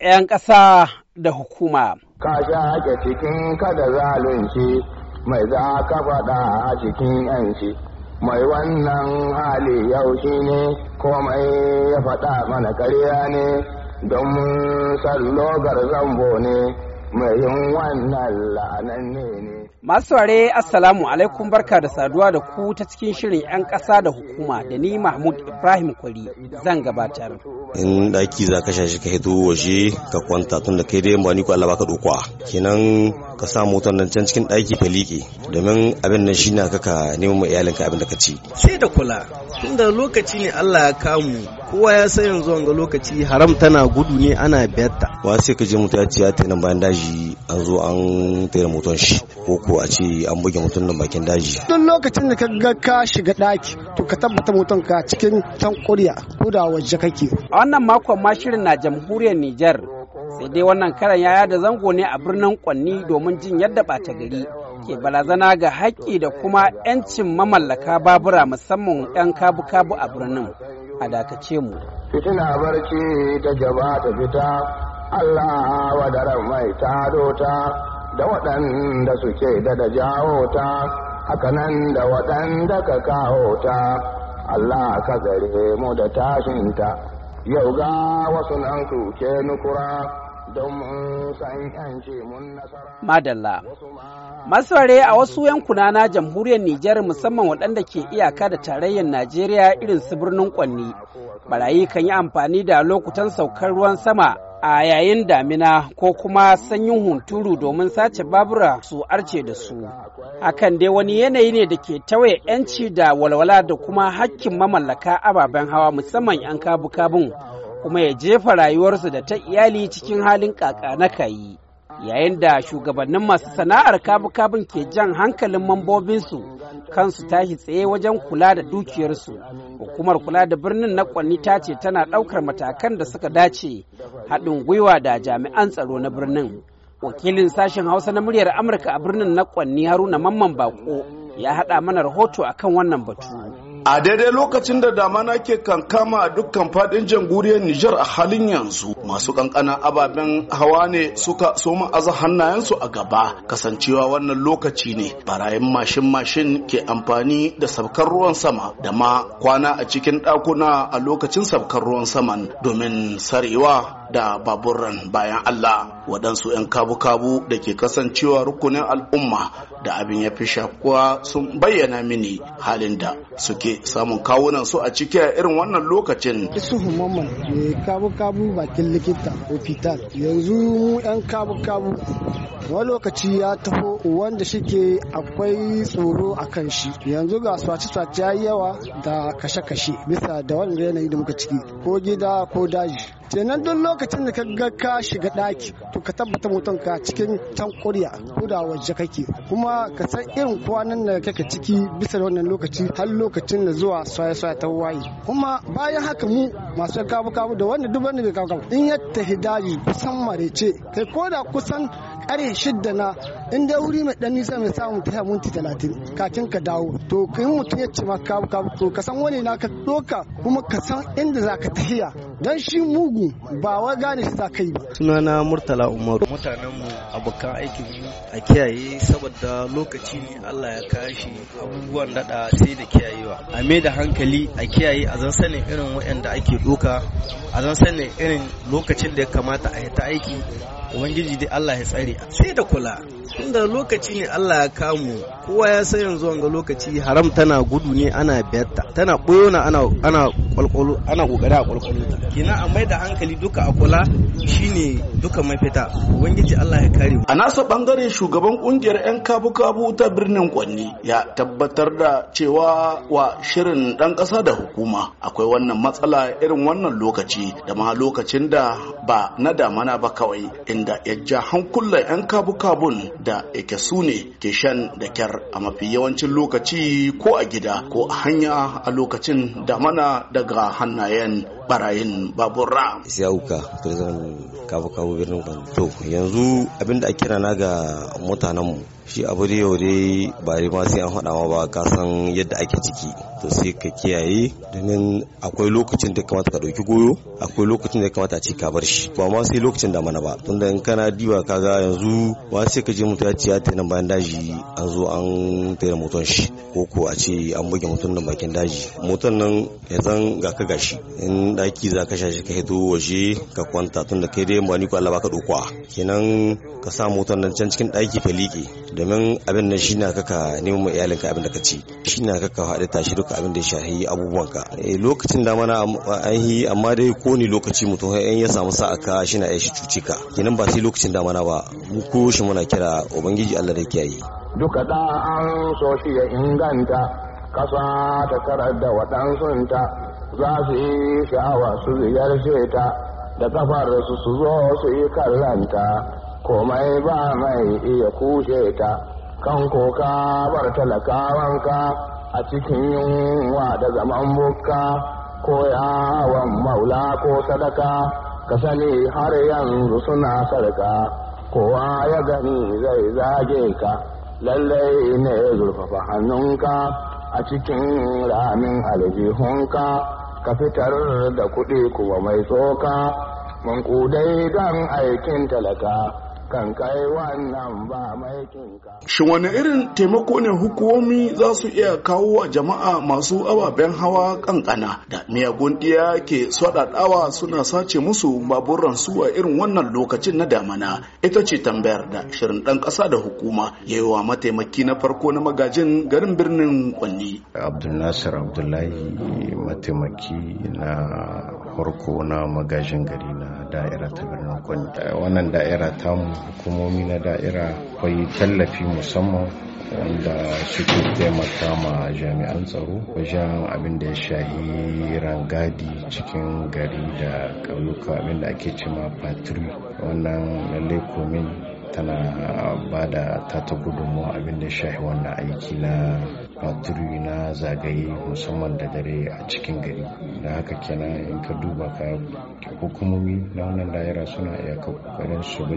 'yan ƙasa da hukuma. Ka ake cikin kada zalunci mai za ka faɗa a cikin 'yanci, mai wannan hali yau shi ne komai ya faɗa mana karya ne don mun logar zambo ne. Masu ware Assalamu alaikum barka da saduwa da ku ta cikin shirin 'yan ƙasa da hukuma da ni Mahmud Ibrahim Kwari zan gabatar. In ɗaki za ka shashi ka hito waje ka kwanta tun da kai dai ba ni ko Allah baka dokwa. Kenan ka sa motar nan can cikin ɗaki ka liƙe domin abin nan shine kaka neman ma iyalinka abin da ka ci. Sai da kula tun da lokaci ne Allah ya kamu kowa ya san yanzu wanga lokaci haram tana gudu ne ana biyarta wa sai ka je mutu ya ce ya nan bayan daji an zo an tayar mutum shi ko ko a ce an buge mutum nan bakin daji duk lokacin da ka ga ka shiga daki to ka tabbata mutum ka cikin can kuriya ko da waje kake a wannan makon ma shirin na jamhuriyar Nijar sai dai wannan karan yaya da zango ne a birnin Kwanni domin jin yadda ɓata gari ke barazana ga haƙƙi da kuma 'yancin mamallaka babura musamman 'yan kabu-kabu a birnin a dakace mu fitina barci ta gaba ta fita allah wadaran mai ta dota da waɗanda suke da da jawo ta nan da waɗanda ka kawo ta allah ka gare mu da tashinta yau ga wasu nan suke nukura Madalla. Masarare a wasu yankuna na jamhuriyar Nijar musamman waɗanda ke iyaka da tarayyar Najeriya irin su birnin Kwanni. Barayi kan yi amfani da lokutan saukar ruwan sama a yayin damina ko kuma sanyin hunturu domin sace babura su arce da su. Hakan dai wani yanayi ne da ke tawaye 'yanci da walwala da kuma hakkin mamallaka ababen hawa musamman 'yan kabu-kabun. kuma ya jefa rayuwarsu da ta iyali cikin halin kaka na kayi yayin da shugabannin masu sana'ar kabu-kabun ke jan hankalin mambobinsu kansu tashi tsaye wajen kula da dukiyarsu hukumar kula da birnin na kwanni ta ce tana ɗaukar matakan da suka dace haɗin gwiwa da jami'an tsaro na birnin wakilin sashen hausa na muryar amurka a birnin na kwanni haruna mamman bako ya haɗa mana rahoto akan wannan batu a daidai lokacin da damana ke kankama a dukkan fadin jamhuriyar Nijar a halin yanzu masu kankana ababen hawa ne suka soma aza hannayensu a gaba kasancewa wannan lokaci ne barayin mashin mashin ke amfani da sabkar ruwan sama da ma kwana a cikin ɗakuna a lokacin sabkar ruwan saman domin sarewa da baburan bayan Allah waɗansu 'yan kabu-kabu da ke kasancewa rukunin al'umma da abin ya fi shakuwa sun bayyana mini halin da suke samun kawunan su a ciki a irin wannan lokacin. Isu eh, kabu-kabu bakin likita hospital yanzu mu yan kabu kabu wani lokaci ya taho wanda shike akwai tsoro a kan shi yanzu ga swace swace yayi yawa da kashe kashe bisa da wannan yanayi da muka ciki ko gida ko daji kenan duk lokacin da ka ga ka shiga daki to ka tabbata mutum ka cikin kuriya ko da waje kake kuma ka san irin kwanan da kake ciki bisa da wannan lokaci har lokacin da zuwa soyayya soyayya ta waye kuma bayan haka mu masu kabu kabu da wanda duk wanda bai kabu kabu in ya tafi daji kusan marece kai ko da kusan kare shidda na in dai wuri mai dan nisa mai samun tafiya minti talatin kakin ka dawo to kai mutum ya ce ma kabu kabu to ka san wani na ka doka kuma ka san inda za ka tafiya dan shi mugu ba wa gane shi kai ba sunana murtala umaru mutanen mu abokan aikin mu a kiyaye saboda lokaci ne Allah ya kashi abubuwan dada sai da kiyayewa a mai da hankali a kiyaye a zan sanin irin waɗanda ake doka a zan sanin irin lokacin da ya kamata a yi ta aiki ubangiji dai Allah ya tsare sai da kula tunda lokaci ne Allah ya kamu kowa ya san yanzu wanga lokaci haram tana gudu ne ana biyarta tana boyona ana ana kwalkwalo ana kokari a kwalkwalo ta kina a mai da hankali duka a kula shine duka mafita ubangiji Allah ya kare a nasa bangare shugaban kungiyar yan kabu-kabu ta birnin Kwanni ya tabbatar da cewa wa shirin dan kasa da hukuma akwai wannan matsala irin wannan lokaci da ma lokacin da ba na damana ba kawai in inda ya ja hankulan 'yan kabu-kabun da yake su ne ke shan da kyar a mafi yawancin lokaci ko a gida ko a hanya a lokacin damana daga hannayen barayin babura. Siyauka, turizan kabu-kabu birnin kan To, yanzu abinda a kira na ga mutanenmu shi abu da yau dai ba ma sai an faɗa ma ba ka san yadda ake ciki to sai ka kiyaye domin akwai lokacin da kamata ka ɗauki goyo akwai lokacin da kamata a ce ka bar shi ba ma sai lokacin da mana ba tunda in kana ka kaga yanzu wa sai ka je mutu ya ce ya tana bayan daji an zo an tana moton shi ko ko a ce an buge mutum nan bakin daji moton nan ya zan ga ka gashi in daki za ka shashi ka hito waje ka kwanta tun da kai dai ba ni ko Allah baka dokuwa kenan ka sa moton nan can cikin daki ka liƙe domin abin nan shi na kaka neman ma iyalinka abin da ka ci shi na kaka haɗe tashi duka abin da ya shahi abubuwanka eh, lokacin da mana an amma dai ko ni lokaci mutum ya samu sa'a ka shi na ya shi cuci ka kenan ba sai lokacin damana ba mu koshi muna kira ubangiji Allah da kiyaye duka da an so shi ya inganta kasa ta karar da waɗansunta za su yi sha'awa su ziyar ta da kafar su su zo su yi kallanta komai ba mai iya kushe ta kan koka bar talakawanka a cikin yunwa da zaman bukka ko yawon maula ko sadaka ka sani har yanzu suna sarka kowa ya gani zai zage ka lallai ne zurfafa hannunka a cikin ramin aljihunka ka fitar da kuɗi kuma mai tsoka mankudai don aikin talaka kan Shin wani irin taimako ne hukumomi za su iya kawo wa jama'a masu ababen hawa kankana da miyagun ɗiya ke swaɗaɗawa suna sace musu baburan suwa irin wannan lokacin na damana ita ce tambayar da shirin ɗan ƙasa da hukuma ya yi wa mataimaki na farko na magajin garin birnin Kwanni. Abdulnasir Abdullahi mataimaki na farko na magajin gari na da'ira ta birnin kwanta wannan da'ira mu hukumomi na da'ira kwai tallafi musamman wanda suke taimaka ma jami'an tsaro wajen abin da ya shahi rangadi cikin gari da ƙauyuka abin da ake cima patri wannan lalle komin tana ba da tata gudunmu abin da ya shahi wannan aiki na paturi na zagaye musamman da dare a cikin gari da haka kenan in ka duba ka hukumomi na wannan daira suna iya kokarin su ga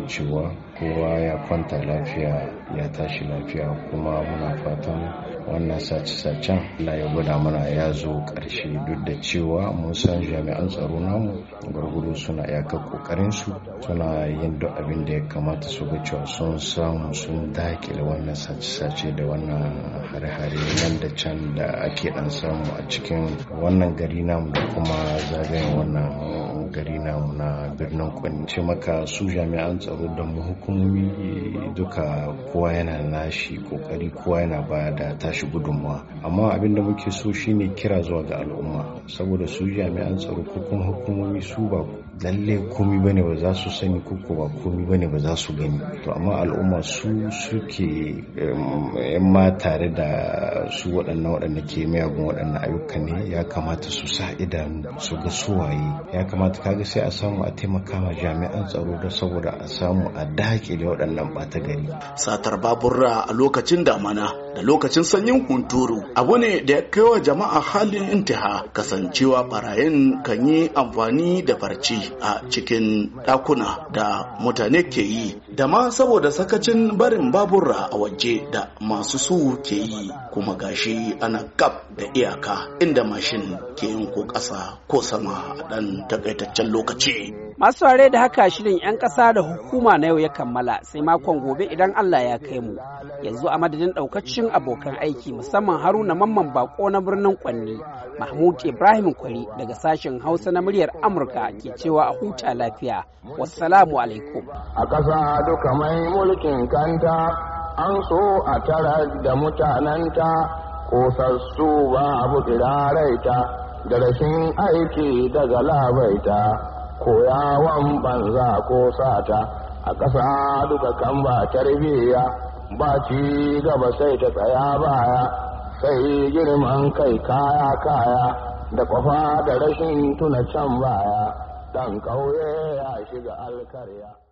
kowa ya kwanta lafiya ya tashi lafiya kuma muna fatan wannan sace-sacen Allah ya gwada mana ya zo ƙarshe duk da cewa mun san jami'an tsaro namu gwargwado suna iyakar ƙoƙarin su suna yin duk abin da ya kamata su ga cewa sun samu sun dakile wannan sace-sace da wannan hare-hare nan da can da ake dan samu a cikin wannan gari namu da kuma zagayen wannan gari namu na birnin kwanci maka su jami'an tsaro da mu hukumomi duka kowa yana nashi kokari kowa yana ba da tashi gudunmawa amma abinda muke so shine kira zuwa ga al'umma saboda su jami'an tsaro ko kuma hukumomi su ba lalle komi bane ba za su sani ko ba komi bane ba za su gani to amma al'umma su suke yan ma tare da su waɗannan waɗanda ke miyagun waɗannan ayyuka ne ya kamata su sa idanu su ga suwaye ya kamata kaga sai a samu a taimaka taimakawa jami'an tsaro da saboda a samu a dakile waɗannan ɓata gari satar baburra a lokacin damana da lokacin sanyin hunturu abu ne da ya kaiwa jama'a halin intiha kasancewa barayin kan yi amfani da barci a cikin ɗakuna da mutane ke yi da ma saboda sakacin barin baburra a waje da masu su ke yi kuma gashi ana gab da iyaka inda mashin ke yin ko ƙasa ko sama a ɗan takaitaccen lokaci Masu ware da haka shirin 'yan ƙasa da hukuma na yau ya kammala sai makon gobe idan Allah ya kai mu. Yanzu a madadin ɗaukacin abokan aiki musamman Haruna Mamman Bako na birnin Kwanni, Mahmud Ibrahim Kwari daga sashen Hausa na muryar Amurka ke cewa a huta lafiya. Wassalamu alaikum. A ƙasa duka mai mulkin kanta an so a tara da mutananta ƙosassu ba abu da rashin aiki daga labaita. koyawan banza ko sata a ƙasa duka kan ba tarbiyya ba ci gaba sai ta tsaya baya sai girman kai kaya kaya da kwafa da rashin tuna can baya ɗan ƙauye ya shiga alkarya